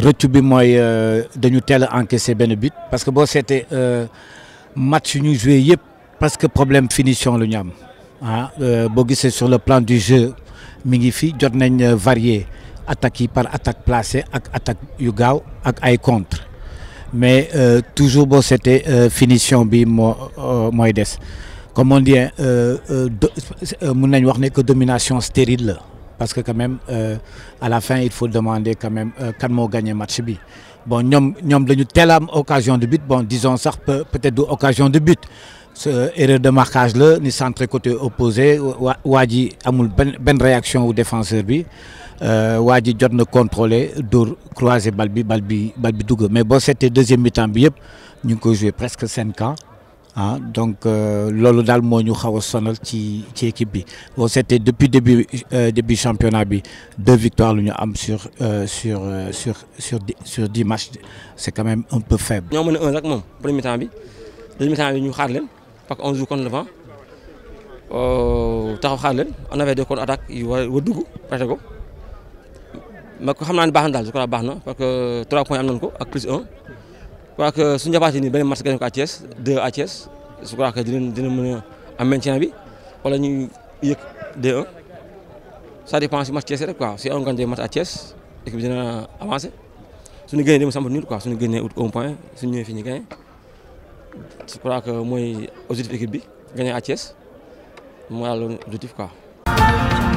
rëccu bi moy euh, dañu teel encaisser encaissé but parce que c'était un euh, match ñu joué parce que problème finition lu ñu am ah euh, sur le plan du jeu mi ngi fi jot nañ par attaque placée ak attaque yu gaaw contre mais toujours c'était la finition bi moy dess comme on dit hein, mun nañ wax que domination stérile parce que quand même euh, à la fin il faut demander quand même on gagne le match bi bon nous avons dañu telle occasion de but bon disons ça, peut-être une occasion de but ce erreur de marquage là ni centre côté opposé wadi a a une bonne réaction au défenseur bi euh, wadi jot contrôler dóor croiser bal bi Balbi bi mais bon c'était deuxième mi-temps bi nous ñu joué presque cinq ans ah, donc euh, loolu c'était depuis début euh, début championnat deux victoires sur euh, sur dix matchs c'est quand même un peu faible. Nous un premier temps deuxième temps nous avons joue contre le vent on avait deux contre trois points crois que suñu jàppaatee nii benn match gañ ko à Thiès deux à Thiès je crois que dinañ dina mën yek am maintien bi wala ñu yëg D1 ça dépend si match Thiès rek quoi si on gagne match à Thiès équipe bi dina avancer suñu gagné dem samp suni quoi suñu gagné out un point suñu ñëwee fi ñu gagné je crois que bi gagné à Thiès mooy loolu objectif quoi.